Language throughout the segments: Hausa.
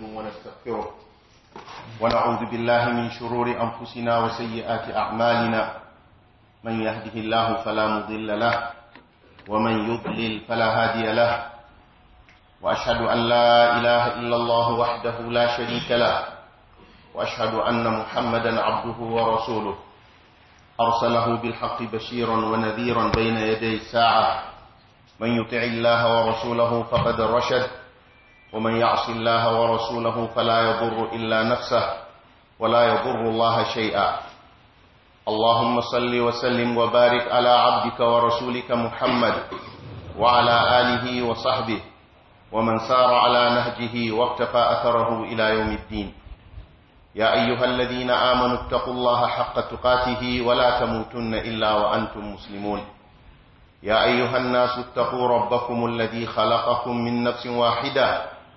نحمده ونستغفره ونعوذ بالله من شرور أنفسنا وسيئات أعمالنا من يهده الله فلا مضل له ومن يضلل فلا هادي له وأشهد أن لا إله إلا الله وحده لا شريك له وأشهد أن محمدا عبده ورسوله أرسله بالحق بشيرا ونذيرا بين يدي الساعة من يطع الله ورسوله فقد رشد ومن يعص الله ورسوله فلا يضر إلا نفسه ولا يضر الله شيئا اللهم صل وسلم وبارك على عبدك ورسولك محمد وعلى آله وصحبه ومن سار على نهجه واقتفى أثره إلى يوم الدين يا أيها الذين آمنوا اتقوا الله حق تقاته ولا تموتن إلا وأنتم مسلمون يا أيها الناس اتقوا ربكم الذي خلقكم من نفس واحدة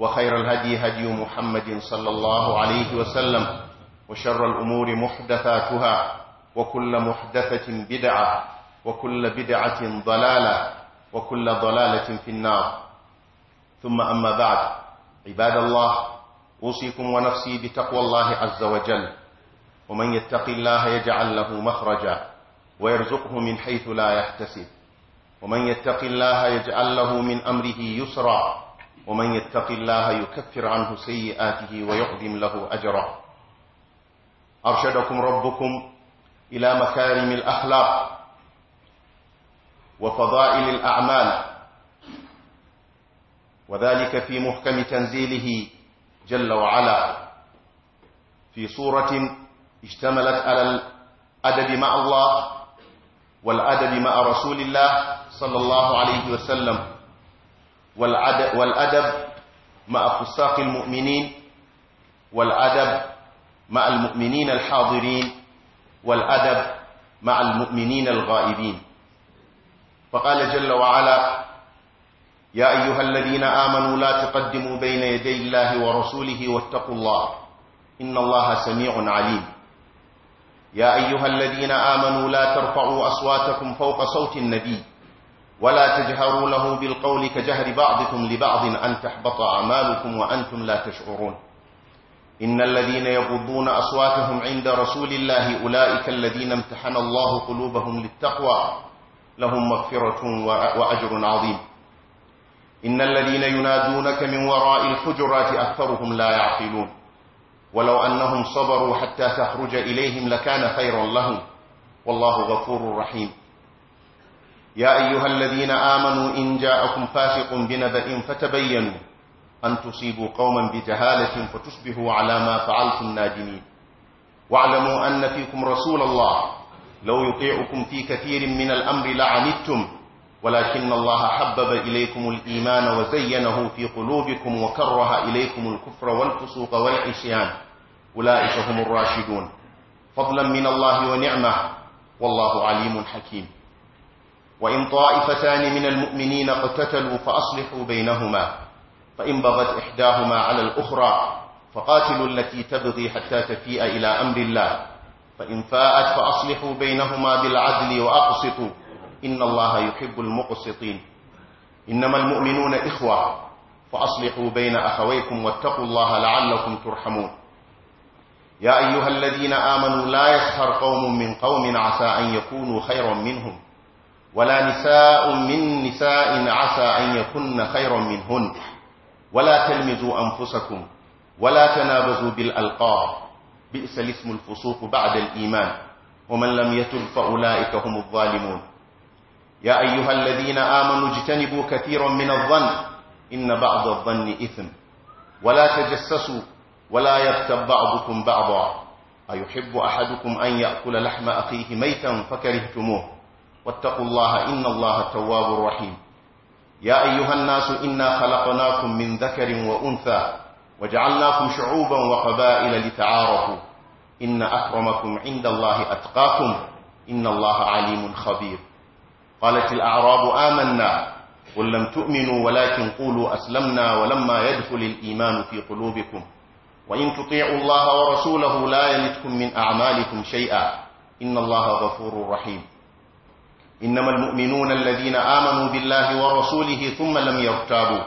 وخير الهدي هدي محمد صلى الله عليه وسلم وشر الأمور محدثاتها وكل محدثة بدعة وكل بدعة ضلالة وكل ضلالة في النار ثم أما بعد عباد الله أوصيكم ونفسي بتقوى الله عز وجل ومن يتق الله يجعل له مخرجا ويرزقه من حيث لا يحتسب ومن يتق الله يجعل له من أمره يسرا ومن يتق الله يكفر عنه سيئاته ويقدم له أجرا أرشدكم ربكم إلى مكارم الأخلاق وفضائل الأعمال وذلك في محكم تنزيله جل وعلا في صورة اشتملت على الأدب مع الله والأدب مع رسول الله صلى الله عليه وسلم والأدب مع فساق المؤمنين والأدب مع المؤمنين الحاضرين والأدب مع المؤمنين الغائبين فقال جل وعلا يا أيها الذين آمنوا لا تقدموا بين يدي الله ورسوله واتقوا الله إن الله سميع عليم يا أيها الذين آمنوا لا ترفعوا أصواتكم فوق صوت النبي ولا تجهروا له بالقول كجهر بعضكم لبعض أن تحبط أعمالكم وأنتم لا تشعرون إن الذين يغضون أصواتهم عند رسول الله أولئك الذين امتحن الله قلوبهم للتقوى لهم مغفرة وأجر عظيم إن الذين ينادونك من وراء الحجرات أكثرهم لا يعقلون ولو أنهم صبروا حتى تخرج إليهم لكان خيرا لهم والله غفور رحيم يا أيها الذين آمنوا إن جاءكم فاسق بنبأ فتبينوا أن تصيبوا قوما بجهالة فتصبحوا على ما فعلتم نادمين واعلموا أن فيكم رسول الله لو يطيعكم في كثير من الأمر لعنتم ولكن الله حبب إليكم الإيمان وزينه في قلوبكم وكره إليكم الكفر والفسوق والعصيان أولئك هم الراشدون فضلا من الله ونعمه والله عليم حكيم وإن طائفتان من المؤمنين اقتتلوا فأصلحوا بينهما فإن بغت إحداهما على الأخرى فقاتلوا التي تبغي حتى تفيء إلى أمر الله فإن فاءت فأصلحوا بينهما بالعدل وأقسطوا إن الله يحب المقسطين إنما المؤمنون إخوة فأصلحوا بين أخويكم واتقوا الله لعلكم ترحمون يا أيها الذين آمنوا لا يسخر قوم من قوم عسى أن يكونوا خيرا منهم ولا نساء من نساء عسى أن يكن خيرا منهن ولا تلمزوا أنفسكم ولا تنابزوا بالألقاب بئس الاسم الفسوق بعد الإيمان ومن لم يتب فأولئك هم الظالمون يا أيها الذين آمنوا اجتنبوا كثيرا من الظن إن بعض الظن إثم ولا تجسسوا ولا يغتب بعضكم بعضا أيحب أحدكم أن يأكل لحم أخيه ميتا فكرهتموه واتقوا الله إن الله تواب رحيم يا أيها الناس إنا خلقناكم من ذكر وأنثى وجعلناكم شعوبا وقبائل لتعارفوا إن أكرمكم عند الله أتقاكم إن الله عليم خبير قالت الأعراب آمنا قل لم تؤمنوا ولكن قولوا أسلمنا ولما يدخل الإيمان في قلوبكم وإن تطيعوا الله ورسوله لا يلتكم من أعمالكم شيئا إن الله غفور رحيم إنما المؤمنون الذين آمنوا بالله ورسوله ثم لم يرتابوا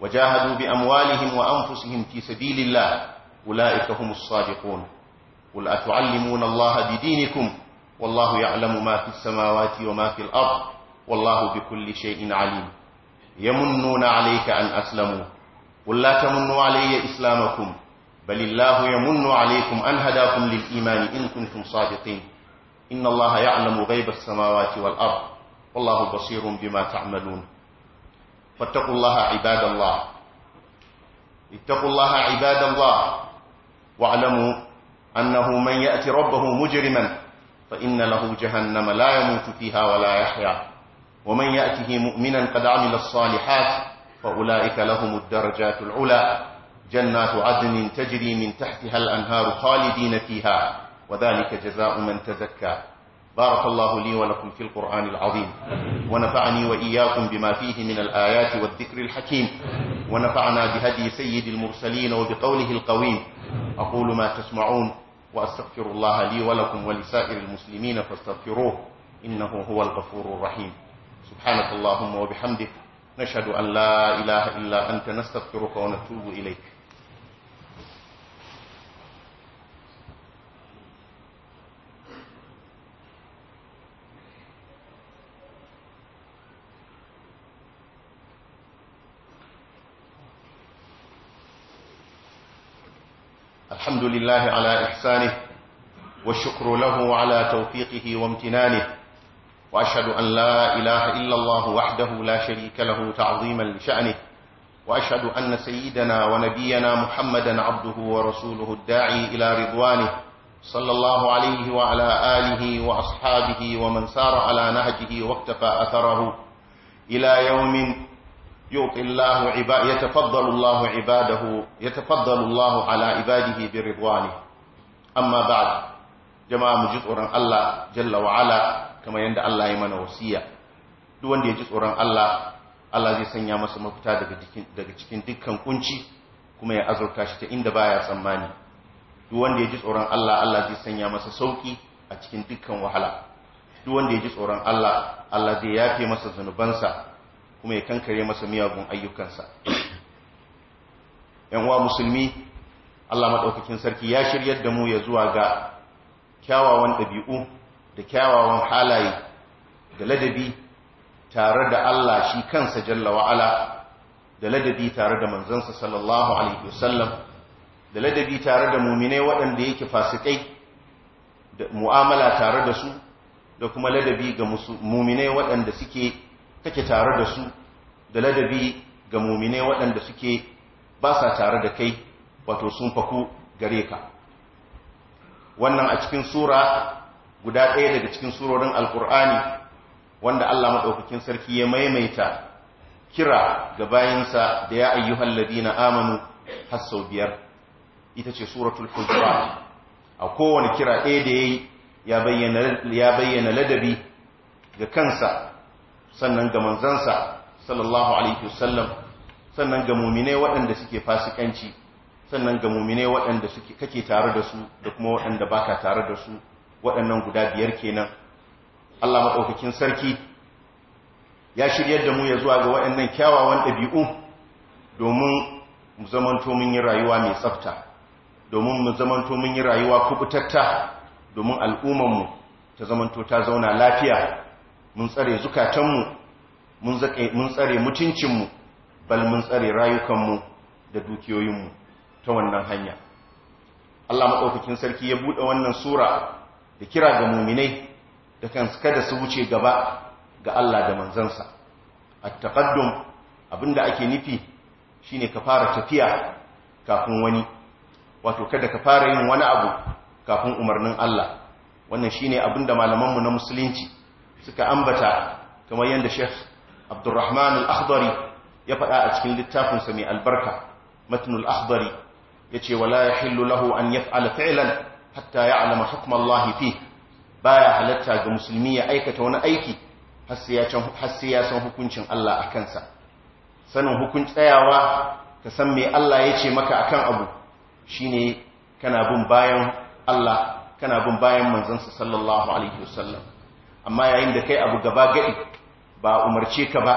وجاهدوا بأموالهم وأنفسهم في سبيل الله أولئك هم الصادقون قل أتعلمون الله بدينكم والله يعلم ما في السماوات وما في الأرض والله بكل شيء عليم يمنون عليك أن أسلموا قل لا تمنوا علي إسلامكم بل الله يمن عليكم أن هداكم للإيمان إن كنتم صادقين إن الله يعلم غيب السماوات والأرض والله بصير بما تعملون فاتقوا الله عباد الله اتقوا الله عباد الله واعلموا أنه من يأتي ربه مجرما فإن له جهنم لا يموت فيها ولا يحيا ومن يأته مؤمنا قد عمل الصالحات فأولئك لهم الدرجات العلى جنات عدن تجري من تحتها الأنهار خالدين فيها وذلك جزاء من تزكى بارك الله لي ولكم في القرآن العظيم ونفعني وإياكم بما فيه من الآيات والذكر الحكيم ونفعنا بهدي سيد المرسلين وبقوله القويم أقول ما تسمعون وأستغفر الله لي ولكم ولسائر المسلمين فاستغفروه إنه هو الغفور الرحيم سبحانك اللهم وبحمدك نشهد أن لا إله إلا أنت نستغفرك ونتوب إليك الحمد لله على إحسانه والشكر له على توفيقه وامتنانه وأشهد أن لا إله إلا الله وحده لا شريك له تعظيما لشأنه وأشهد أن سيدنا ونبينا محمدا عبده ورسوله الداعي إلى رضوانه صلى الله عليه وعلى آله وأصحابه ومن سار على نهجه واكتفى أثره إلى يوم Yau الله عباد يتفضل الله عباده يتفضل الله على عباده برضوانه أما بعد Allah jalla الله جل وعلا كما يند الله يمن وسيا دون دي جزء الله Allah zai sanya masa mafita daga cikin dukkan kunci kuma ya azurta shi ta inda baya tsammani duk wanda ya ji tsoron Allah Allah zai sanya masa sauki a cikin dukkan wahala duk wanda ya ji tsoron Allah Allah zai yafe masa zunubansa kuma ya kankare masa miyagun ayyukansa yan wa musulmi Allah maɗaukakin sarki ya shiryar da mu ya zuwa ga kyawawan ɗabi'u da kyawawan halaye da ladabi tare da Allah shi kansa jalla wa'ala da ladabi tare da manzansa sallallahu alaihi wasallam da ladabi tare da muminai waɗanda yake fasikai da mu'amala tare da su da kuma ladabi ga muminai waɗanda suke kake tare da su da ladabi ga mumine waɗanda suke ba sa tare da kai wato sun faku gare ka wannan a cikin sura guda ɗaya daga cikin surorin alkur'ani wanda allah maɗaukakin sarki ya maimaita kira ga bayansa da ya ayyuhal na amanu har sau biyar ita ce suratul hujra a kowane kira ɗaya da ya yi ya bayyana ladabi ga kansa sannan ga manzansa sallallahu alaihi wasallam sannan ga mu'mine waɗanda suke fasikanci sannan ga mu'mine waɗanda suke kake tare da su da kuma waɗanda baka tare da su waɗannan guda biyar kenan Allah madaukakin sarki ya shiryar da mu ya zuwa ga waɗannan kyawawan ɗabi'u domin mu zamanto mun yi rayuwa mai tsafta domin mu zamanto mun yi rayuwa kubutatta domin mu ta zamanto ta zauna lafiya mun tsare zukatanmu mun tsare mutuncinmu bal mun tsare rayukanmu da dukiyoyinmu ta wannan hanya Allah maɗaukakin sarki ya buɗe wannan sura da kira ga muminai da kan kada su wuce gaba ga Allah da manzansa at-taqaddum abinda ake nufi shine ka fara tafiya kafin wani wato kada ka fara yin wani abu kafin umarnin Allah wannan shine abinda malamanmu na musulunci suka ambata kamar yadda Sheikh Abdulrahman al ya faɗa a cikin littafinsa mai albarka Matn al ya yace wala yahillu lahu an yaf'ala fi'lan hatta ya'lama hukumallahi fi ba baya halatta ga musulmi ya aikata wani aiki har ya san hukuncin Allah a kansa sanin hukun tsayawa ka san me Allah ya ce maka akan abu shine kana bin bayan Allah kana bin bayan manzansa sallallahu alaihi wasallam amma yayin da kai abu gaba gadi ba umarce ka ba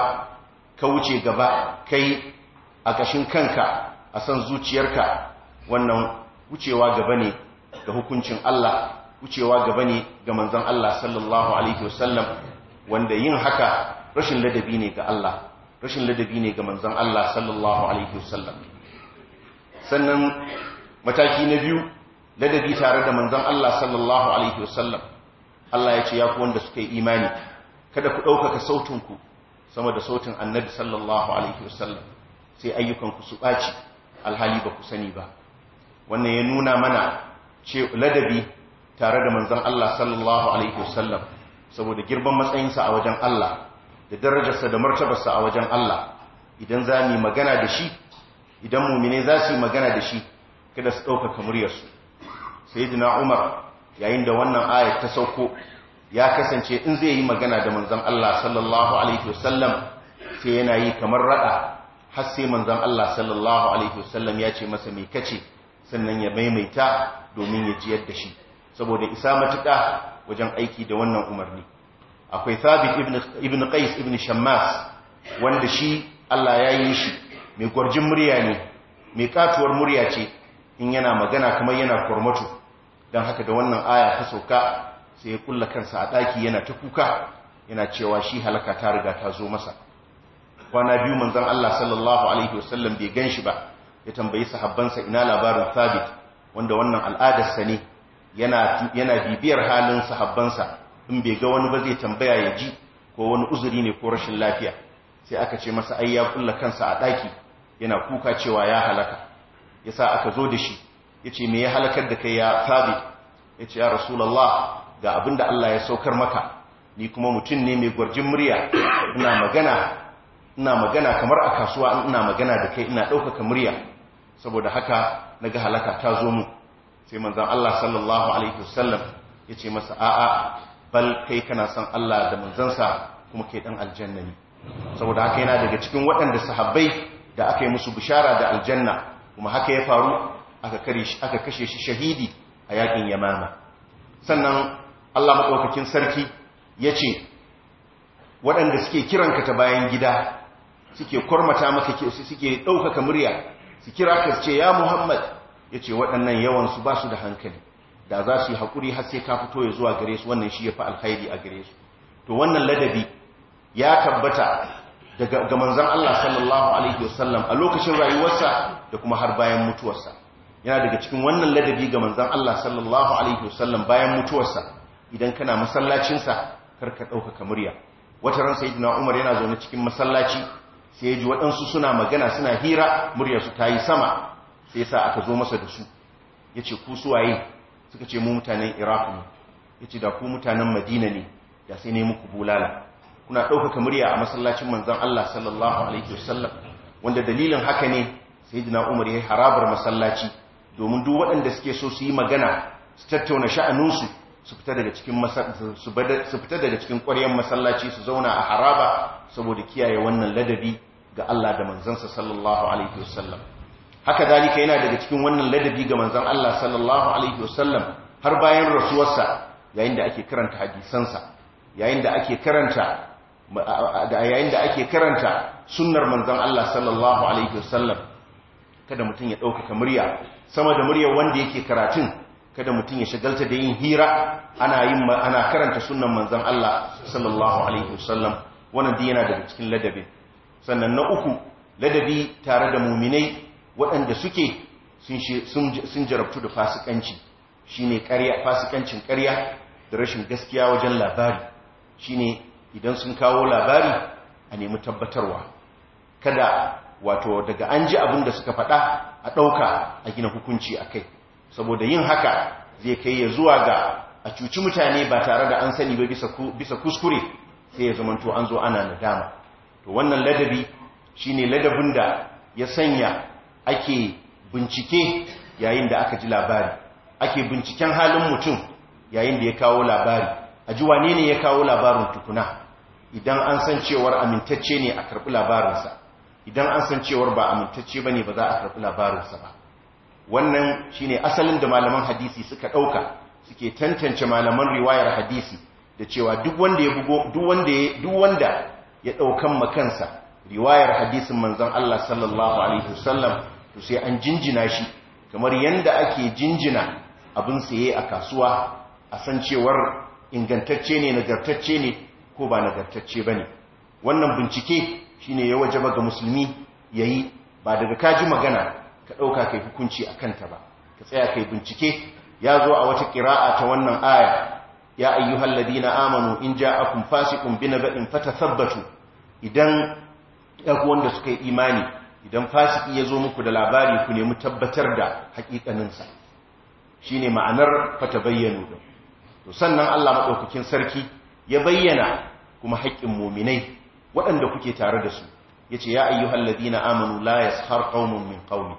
ka wuce gaba kai a kashin kanka a san zuciyarka wannan wucewa gaba ne ga hukuncin Allah wucewa gaba ne ga manzon Allah sallallahu alaihi wasallam wanda yin haka rashin ladabi ne ga Allah rashin ladabi ne ga manzon Allah sallallahu alaihi wasallam sannan mataki na biyu ladabi tare da manzon Allah sallallahu alaihi wasallam Allah ya ce ya ku wanda suka yi imani kada ku ɗaukaka sautinku sama da sautin annabi sallallahu alaihi wasallam sai ayyukanku su ɓaci alhali ba ku sani ba wannan ya nuna mana ce ladabi tare da manzon Allah sallallahu alaihi wasallam saboda girman matsayinsa a wajen Allah da darajarsa da martabarsa a wajen Allah idan za mu magana da shi idan mumine za su yi magana da shi kada su ɗaukaka muryarsu sayyidina Umar yayin da wannan ayat ta sauko ya kasance in zai yi magana da manzon Allah sallallahu alaihi wasallam sai yana yi kamar rada har sai manzon Allah sallallahu alaihi wasallam ya ce masa mai kace sannan ya maimaita domin ya jiyar da shi saboda isa matuƙa wajen aiki da wannan umarni akwai thabit ibn qais ibn shammas wanda shi Allah ya yi shi mai gwarjin murya ne mai katuwar murya ce in yana magana kamar yana kurmatu don haka da wannan aya ta sauka sai ya kulla kansa a ɗaki yana ta kuka yana cewa shi halaka ta riga ta zo masa kwana biyu manzon Allah sallallahu alaihi wasallam bai gan shi ba ya tambayi sahabbansa ina labarin Thabit wanda wannan al'adarsa ne yana yana bibiyar halin sahabbansa in bai ga wani ba zai tambaya ya ji ko wani uzuri ne ko rashin lafiya sai aka ce masa ai ya kulla kansa a ɗaki yana kuka cewa ya halaka yasa aka zo da shi ya ce me ya halakar da kai ya tabi ya ce ya rasulallah ga abinda Allah ya saukar maka ni kuma mutum ne mai gwarjin murya ina magana ina magana kamar a kasuwa ina magana da kai ina ɗaukaka murya saboda haka na ga halaka ta zo mu sai manzan Allah sallallahu alaihi wasallam ya ce masa a'a bal kai kana son Allah da manzansa kuma kai ɗan aljanna ne saboda haka yana daga cikin waɗanda sahabbai da aka yi musu bishara da aljanna kuma haka ya faru aka kashe shi shahidi a yakin yamama sannan Allah maɗaukakin sarki ya ce waɗanda suke kiranka ta bayan gida suke kormata maka kyau suke ɗaukaka murya su kira ka ce ya muhammad ya ce waɗannan yawansu ba su da hankali da za su yi haƙuri har sai ka fito ya zuwa gare su wannan shi ya fi alhaidi a gare su to wannan ladabi ya tabbata daga ga manzan Allah sallallahu alaihi wasallam a lokacin rayuwarsa da kuma har bayan mutuwarsa yana daga cikin wannan ladabi ga manzan Allah sallallahu alaihi wasallam bayan mutuwarsa idan kana masallacinsa karka ɗaukaka murya wata ran dina Umar yana zaune cikin masallaci sai ya ji waɗansu suna magana suna hira muryarsu ta yi sama sai sa aka zo masa da su ya ce ku waye suka ce mu mutanen Iraq ne ya ce da ku mutanen Madina ne da sai ne muku bulala kuna ɗaukaka murya a masallacin manzan Allah sallallahu alaihi wasallam wanda dalilin haka ne dina Umar ya harabar masallaci domin duk waɗanda suke so su yi magana su tattauna sha'anunsu su fita daga cikin ƙwaryen masallaci su zauna a haraba saboda kiyaye wannan ladabi ga Allah da manzansa sallallahu alaihi wasallam haka dalika yana daga cikin wannan ladabi ga manzan Allah sallallahu alaihi wasallam har bayan rasuwarsa yayin da ake karanta hadisansa yayin da ake karanta yayin da ake karanta sunnar manzan Allah sallallahu alaihi wasallam kada mutum ya ɗaukaka murya sama da murya wanda yake karatun kada mutum ya shagalta da yin hira ana yin ana karanta sunan manzon Allah sallallahu alaihi wasallam wannan dai yana daga cikin ladabi sannan na uku ladabi tare da muminai waɗanda suke sun jarabtu da fasikanci shine ƙarya fasikancin ƙarya da rashin gaskiya wajen labari shine idan sun kawo labari a nemi tabbatarwa kada wato daga an ji abin da suka faɗa a ɗauka a gina hukunci a kai saboda yin haka zai kai ya zuwa ga a cuci mutane ba tare da an sani ba bisa kuskure sai ya zamanto an zo ana nadama to wannan ladabi shine ladabin da ya sanya ake bincike yayin da aka ji labari ake binciken halin mutum yayin da ya kawo labari a ji wane ne ya kawo labarin tukuna idan an san cewar amintacce ne a karɓi labarinsa idan an san cewar ba amintacce bane ba za a karɓi labarinsa ba wannan shine asalin da malaman hadisi suka ɗauka suke tantance malaman riwayar hadisi da cewa duk wanda ya bugo duk wanda ya duk wanda ya daukan makansa riwayar hadisin manzon Allah sallallahu alaihi wasallam to sai an jinjina shi kamar yanda ake jinjina abin saye a kasuwa a san cewar ingantacce ne nagartacce ne ko ba nagartacce bane wannan bincike Shi ne ya wajaba ga musulmi ya yi ba daga kaji magana ka ɗauka kai hukunci a kanta ba ka tsaya kai bincike ya zo a wata ƙira'a ta wannan aya ya ayyuhal na amanu in ja ba in fata sabbatu idan ɗaku wanda suka yi imani idan fasiki ya zo muku da labari ku nemi tabbatar da haƙiƙaninsa shi ne ma'anar fata bayyano da sannan allah maɗaukakin sarki ya bayyana kuma haƙƙin mominai waɗanda kuke tare da su ya ce ya ayyuhal ladina amanu la har ƙaunin min ƙauni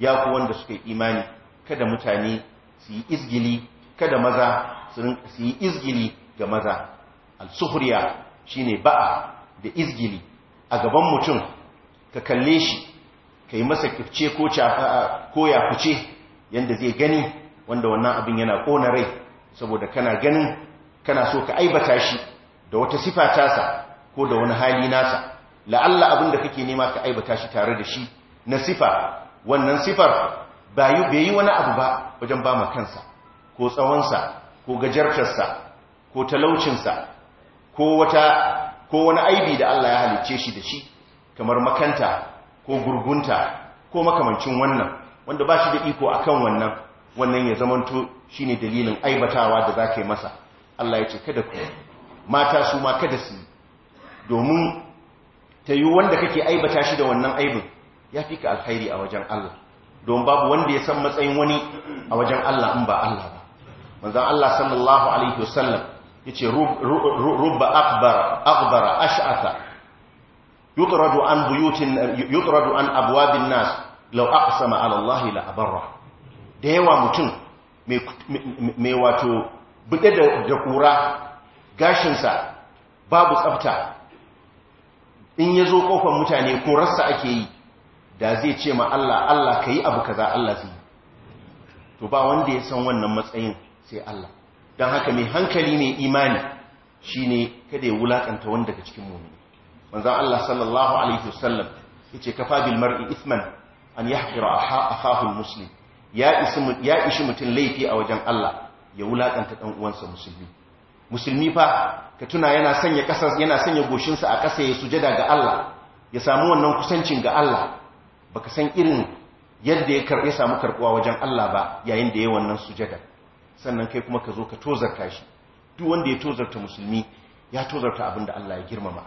ya ku wanda suka yi imani kada mutane su yi izgili kada maza su yi izgili ga maza al-suhriya ne ba'a da izgili a gaban mutum ka kalle shi ka yi masa kifce ko ya fice yadda zai gani wanda wannan abin yana ƙona rai saboda kana ganin kana so ka aibata shi da wata sifa tasa ko da wani hali nasa la'alla abin da kake nema ka aibata shi tare da shi na sifa wannan sifar bayu bai yi wani abu ba wajen ba kansa ko tsawonsa ko gajartarsa ko talaucinsa ko wata ko wani aibi da Allah ya halicce shi da shi kamar makanta ko gurgunta ko makamancin wannan wanda ba shi da iko akan wannan wannan ya zamanto shine dalilin aibatawa da zaka yi masa Allah ya ce kada ku mata su ma kada su domin ta yi wanda kake aibata shi da wannan aibin ya fi ka alkhairi a wajen Allah don babu wanda ya san matsayin wani a wajen Allah in ba Allah ba manzon Allah sallallahu alaihi wasallam yace rubba akbar akbar ash'atha yutradu an buyutin yutradu an abwabin nas law aqsama ala Allah la abarra da yawa mutum mai wato bude da kura gashinsa babu tsafta in ya zo ƙofar mutane ko rassa ake yi da zai ce ma Allah Allah ka yi abu kaza Allah zai to ba wanda ya san wannan matsayin sai Allah don haka mai hankali ne imani shi ne kada ya wulaƙanta wanda daga cikin mummuni wanzan Allah sallallahu alaihi wasallam ya ce kafa bil mar'i an yahqira a muslim ya ya ishi mutum laifi a wajen Allah ya wulaƙanta ɗan uwansa musulmi musulmi fa ka tuna yana sanya kasar yana sanya goshinsa a kasa ya sujada ga Allah ya samu wannan kusancin ga Allah baka san irin yadda ya karbe samu karbuwa wajen Allah ba yayin da yayin wannan sujada sannan kai kuma ka zo ka tozarta shi duk wanda ya tozarta musulmi ya tozarta abinda Allah ya girmama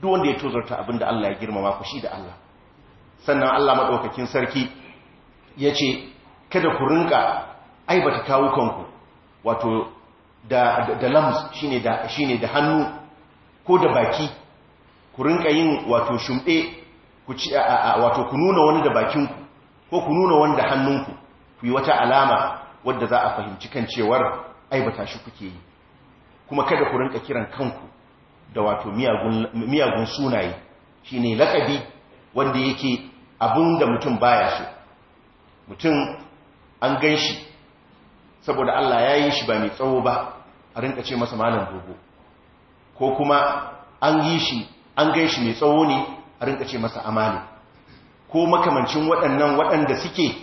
duk wanda ya tozarta abinda Allah ya girmama ku shi da Allah sannan Allah madaukakin sarki yace kada ku rinka aibata ku, wato da da lams shine da shine da hannu ko da baki ku rinka yin wato shumbe ku ci wato ku nuna wani da bakinku ko ku nuna wani da hannunku ku yi wata alama wadda za a fahimci kan cewar aibata shi kuke yi kuma kada ku rinka kiran kanku da wato miyagun sunaye shine lakabi wanda yake abin da mutum baya so mutum an gan shi saboda Allah ya yi shi ba mai tsawo ba a rinka ce masa malam dogo ko kuma an yi shi an gai shi mai tsawo ne a rinka ce masa amali ko makamancin waɗannan waɗanda suke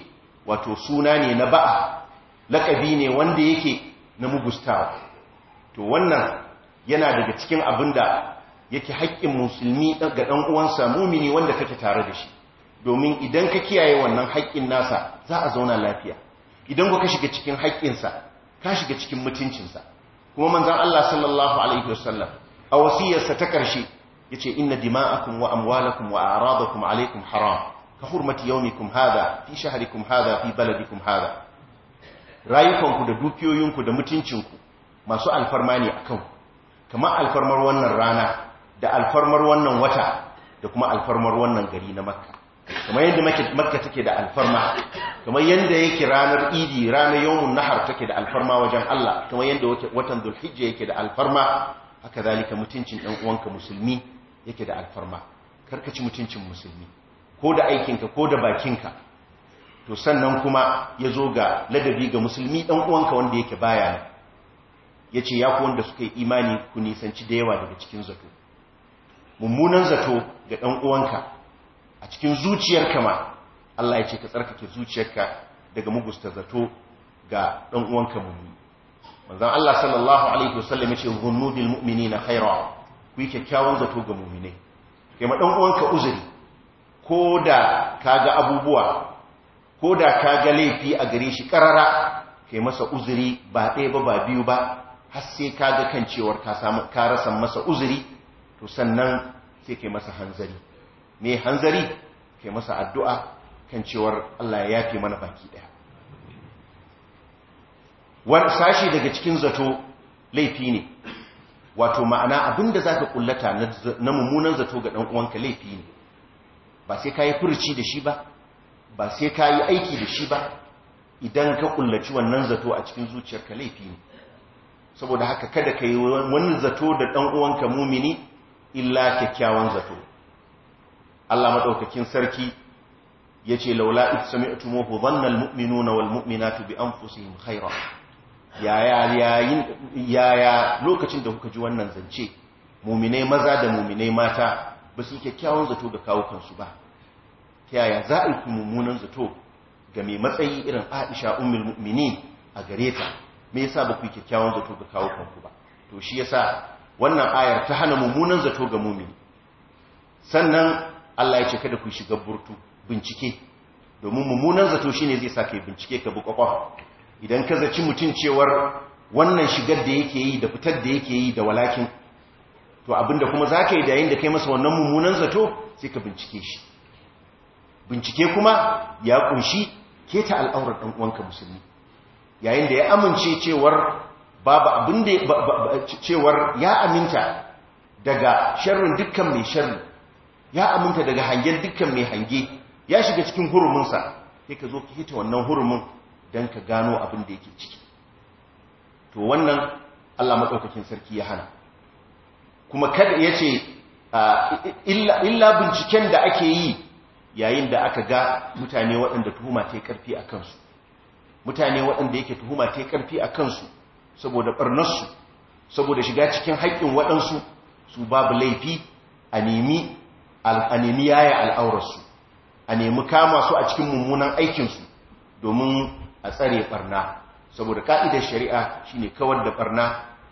wato suna ne na ba'a lakabi ne wanda yake na mugustawa to wannan yana daga cikin abin da yake haƙƙin musulmi ga ɗan uwansa mumini wanda kake tare da shi domin idan ka kiyaye wannan haƙƙin nasa za a zauna lafiya idan ka shiga cikin haƙƙinsa ka shiga cikin mutuncinsa kuma manzan Allah sallallahu alaihi wasallam a wasiyarsa ta ƙarshe ya ce inna dima'akum wa amwalakum wa a'radakum alaikum haram ka hurmati yawmikum hada fi shaharikum hada fi baladikum hada rayukanku da dukiyoyinku da mutuncinku masu alfarma ne akan kamar alfarmar wannan rana da alfarmar wannan wata da kuma alfarmar wannan gari na makka kamar yadda makka take da alfarma kamar yadda yake ranar idi ranar yawon nahar take da alfarma wajen Allah kamar yadda watan dulhijja yake da alfarma haka zalika mutuncin ɗan uwanka musulmi yake da alfarma karkaci mutuncin musulmi ko da aikinka ko da bakinka to sannan kuma ya zo ga ladabi ga musulmi ɗan uwanka wanda yake baya na ya ce ya ku wanda suka yi imani ku nisanci da yawa daga cikin zato mummunan zato ga ɗan uwanka a cikin zuciyarka ma Allah ya ce ka tsarkake zuciyarka daga mugusta zato ga dan uwanka mumini manzon Allah sallallahu alaihi wasallam ya ce ghunudil mu'minina khaira ku yi kyakkyawan zato ga mu'minai kai ma dan uwanka uzuri ko da kaga abubuwa ko da kaga laifi a gare shi karara kai masa uzuri ba ɗaya ba ba biyu ba har sai kaga kan cewar ka ka rasa masa uzuri to sannan sai kai masa hanzari Ne hanzari ke masa addu'a kan cewar Allah ya yafe mana baki ɗaya wani sashi daga cikin zato laifi ne wato ma'ana abinda za ka kullata na mummunan zato ga ɗan'uwanka laifi ne ba sai ka yi furci da shi ba ba sai ka yi aiki da shi ba idan ka kullaci wannan zato a cikin zuciyarka laifi ne saboda haka kada ka yi wani zato da ɗan'uwanka mumini illa kyakkyawan zato Allah madaukakin sarki yace laula id muminu dhanna almu'minuna walmu'minatu bi anfusihim khayra yaya yayin yaya lokacin da kuka ji wannan zance mumine maza da mu'minai mata ba su kyakkyawan zato ga kawukan ba ta yaya za a yi mummunan zato ga mai matsayi irin Aisha ummul mumini a gare ta me yasa ba ku kyakkyawan zato ga kawukan ba to shi yasa wannan ayar ta hana mummunan zato ga mu'mini sannan Allah ya ce kada ku shiga burtu bincike domin mummunan zato shine zai saka bincike ka bukwa idan ka zaci mutun cewar wannan shigar da yake yi da fitar da yake yi da walakin to abinda kuma zaka yi da yayin da kai masa wannan mummunan zato sai ka bincike shi bincike kuma ya kunshi keta al'aurar dan uwanka musulmi yayin da ya amince cewar babu abinda cewar ya aminta daga sharrin dukkan mai sharri ya aminta daga hangen dukkan mai hange ya shiga cikin huruminsa sai ka zo ka hita wannan hurumin don ka gano abin da yake ciki to wannan allah maɗaukakin sarki ya hana kuma kada ya ce illa binciken da ake yi yayin da aka ga mutane waɗanda tuhuma ta ƙarfi a kansu mutane waɗanda yake tuhuma ta ƙarfi a kansu saboda ɓarnarsu saboda shiga cikin haƙƙin waɗansu su babu laifi a nemi a nemi yaya al'aurarsu a nemi kama su a cikin mummunan aikinsu domin a tsare barna saboda ka'idar shari'a shine kawar da barna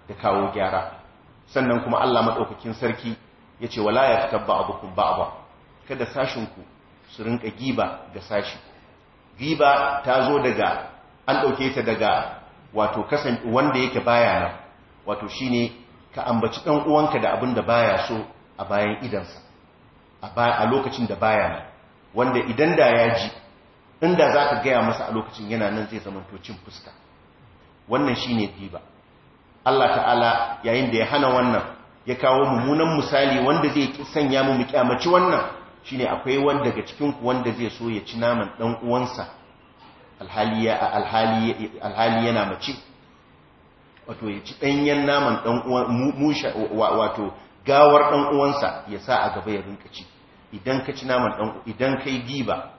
da kawo gyara sannan kuma Allah maɗaukakin sarki ya ce wala ya tabba abukun baba, kada ku su rinka giba ga sashi giba ta zo daga an ɗauke ta daga wato kasan wanda yake baya nan wato shine ka ambaci ɗan uwanka da abin da baya so a bayan idansa a lokacin da baya nan wanda idan da ya ji inda za ka gaya masa a lokacin yana nan zai zama cin fuska wannan shi ne biba. Allah ta'ala yayin da ya hana wannan ya kawo mummunan misali wanda zai sanya mu mu kyamaci wannan shine akwai wanda daga cikinku wanda zai so ya ci naman dan uwansa alhali yana mace wato ya ci ɗanyen naman ɗan uwan wato gawar ɗan uwansa ya sa a gaba ya rinka ci idan ka ci naman ɗan idan kai giba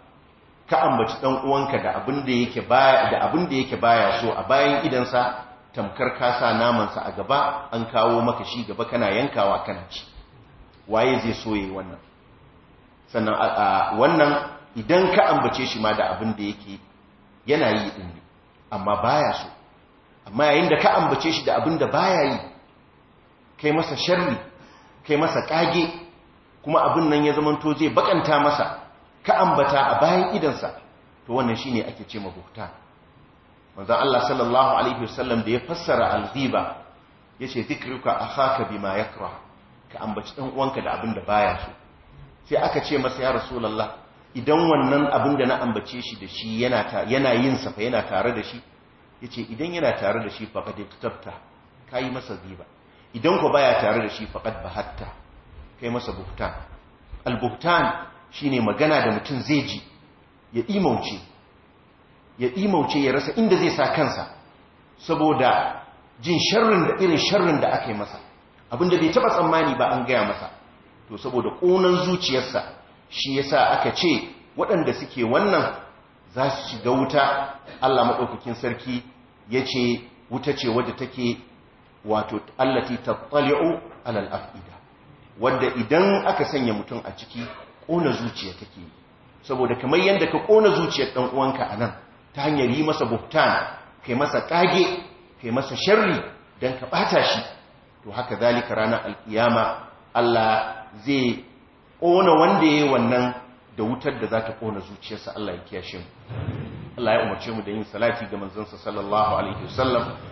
ka ambaci ɗan uwanka da abin da yake baya da abin da yake baya so a bayan idansa tamkar ka sa namansa a gaba an kawo maka shi gaba kana yankawa kana ci waye zai so yayi wannan sannan wannan idan ka ambace shi ma da abin da yake yana yi din ne amma baya so amma yayin da ka ambace shi da abin da baya yi kai masa sharri kai masa kage kuma abin nan ya zamanto zai bakanta masa ka ambata a bayan idansa to wannan shine ake ce buhta manzon Allah sallallahu alaihi wasallam da ya fassara al-ghiba yace zikruka akhaka bima yakra ka ambaci dan uwanka da abin da baya so sai aka ce masa ya rasulullah idan wannan abin da na ambace shi da shi yana ta yana yin sa fa yana tare da shi yace idan yana tare da shi fa ka diktabta kai masa ziba. idan ku baya tare da shi faqad bahatta kai masa buhtan al-buhtan shine magana da mutum zai ji ya imauce ya imauce ya rasa inda zai sa kansa saboda jin sharrin da irin sharrin da aka yi masa abinda bai taba tsammani ba an gaya masa to saboda ƙonan zuciyarsa shi yasa aka ce waɗanda suke wannan za su shiga wuta Allah maɗaukakin sarki yace wuta ce wadda take wato allati tattali'u ala al-afida wanda idan aka sanya mutum a ciki kona zuciya take saboda kamar yanda ka kona zuciyar dan uwanka anan ta hanyar yi masa buktan kai masa kage kai masa sharri dan ka bata shi to haka zalika ranar alkiyama Allah zai kona wanda yayi wannan da wutar da za ta kona zuciyarsa Allah ya kiyashe mu Allah ya umarce mu da yin salati ga manzon sallallahu alaihi wasallam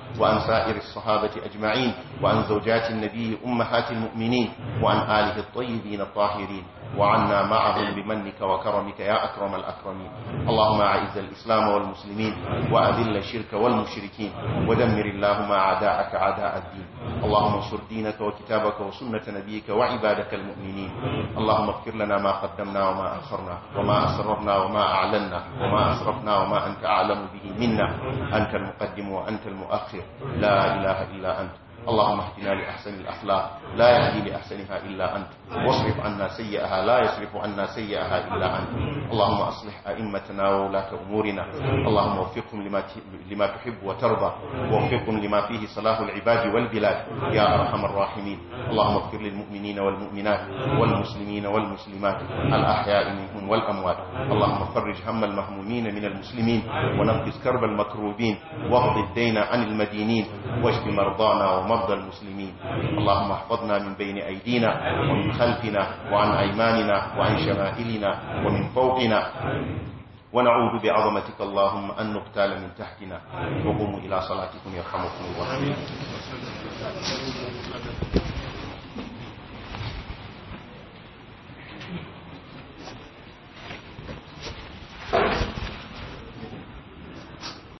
وعن سائر الصحابة أجمعين وعن زوجات النبي أمهات المؤمنين وعن آله الطيبين الطاهرين وعنا معهم بمنك وكرمك يا أكرم الأكرمين اللهم أعز الإسلام والمسلمين وأذل الشرك والمشركين ودمر اللهم أعداءك أعداء الدين اللهم انصر دينك وكتابك وسنة نبيك وعبادك المؤمنين اللهم اغفر لنا ما قدمنا وما أخرنا وما أسررنا وما أعلنا وما أسرفنا وما أنت أعلم به منا أنت المقدم وأنت المؤخر لا إله إلا أنت اللهم اهدنا لأحسن الأخلاق لا يهدي لأحسنها إلا أنت واصرف عنا سيئها لا يصرف عنا سيئها إلا أنت اللهم أصلح أئمتنا وولاة أمورنا اللهم وفقهم لما, لما تحب وترضى ووفقهم لما فيه صلاح العباد والبلاد يا أرحم الراحمين اللهم اغفر للمؤمنين والمؤمنات والمسلمين والمسلمات الأحياء منهم والأموات اللهم فرج هم المهمومين من المسلمين ونفذ كرب المكروبين واقض الدين عن المدينين واشف مرضانا ومرضانا مرضى المسلمين اللهم احفظنا من بين أيدينا ومن خلفنا وعن أيماننا وعن شمائلنا ومن فوقنا ونعوذ بعظمتك اللهم أن نقتال من تحتنا وقوموا إلى صلاتكم يرحمكم الله